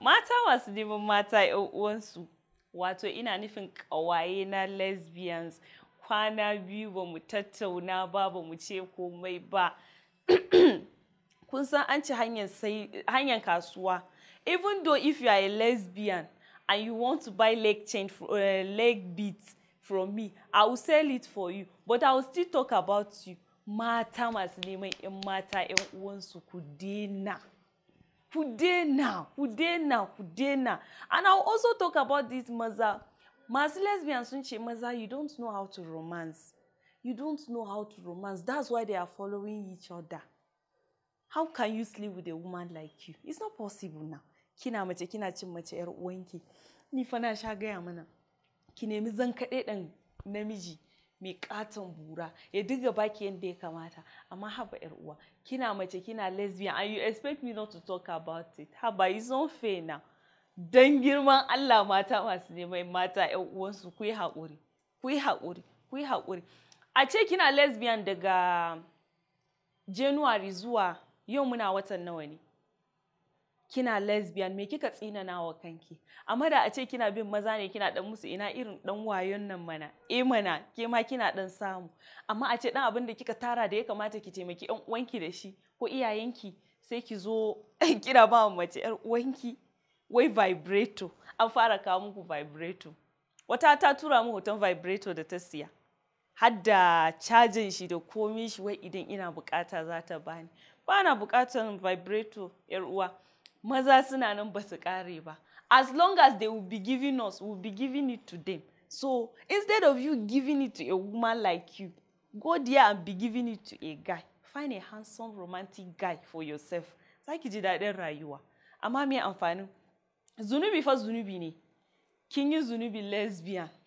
mata masu neman mata yan uwansu wato ina nufin ƙawaye na lesbians kwana biyu ba mu tattauna ba ba mu ce komai ba kun san an ci hanyar kasuwa even though if you are a lesbian and you want to buy leg chain uh, eh, leg beads from me i will sell it for you but i will still talk about you mata masu neman 'yan mata 'yan uwansu ku dena Ku daina, ku daina, ku daina. And I'll also talk about this maza. Masu lesbian sun ce maza, you don't know how to romance. You don't know how to romance. That's why they are following each other. How can you sleep with a woman like you? It's not possible now. Kina mace, kina cin mace 'yar uwanki. Ni fa na sha gaya mana. Ki nemi zan kaɗe ɗan namiji. mai katon bura ya diga baki yadda ya kamata amma haba yar uwa kina mace kina lesbian and you expect me not to talk about it haba is not na dan girman Allah mata masu neman mata yan uwansu ku yi haƙuri ku yi haƙuri ku yi haƙuri a ce kina lesbian daga january zuwa yau muna watan nawa ne kina lesbian me kika tsinana wa kanki amma da a ce kina bin maza ne kina dan musu ina irin dan wayon nan mana e mana ke ma kina dan samu amma a ce dan abin da kika tara da ya kamata ki taimaki yan uwanki da shi ko iyayenki sai ki zo kira ba mace yar uwanki wai vibrato an fara kawo muku vibrato wata ta tura mu hoton vibrato da ta siya har da cajin shi da komi shi wai idan ina bukata za ta bani Bana na bukatan vibrato yar uwa maza suna nan ba su kare ba as long as they will be giving us we will be giving it to them so instead of you giving it to a woman like you go there and be giving it to a guy find a handsome romantic guy for yourself zaki ji daɗin rayuwa amma me amfanin zunubi fa zunubi ne kin yi zunubi lesbian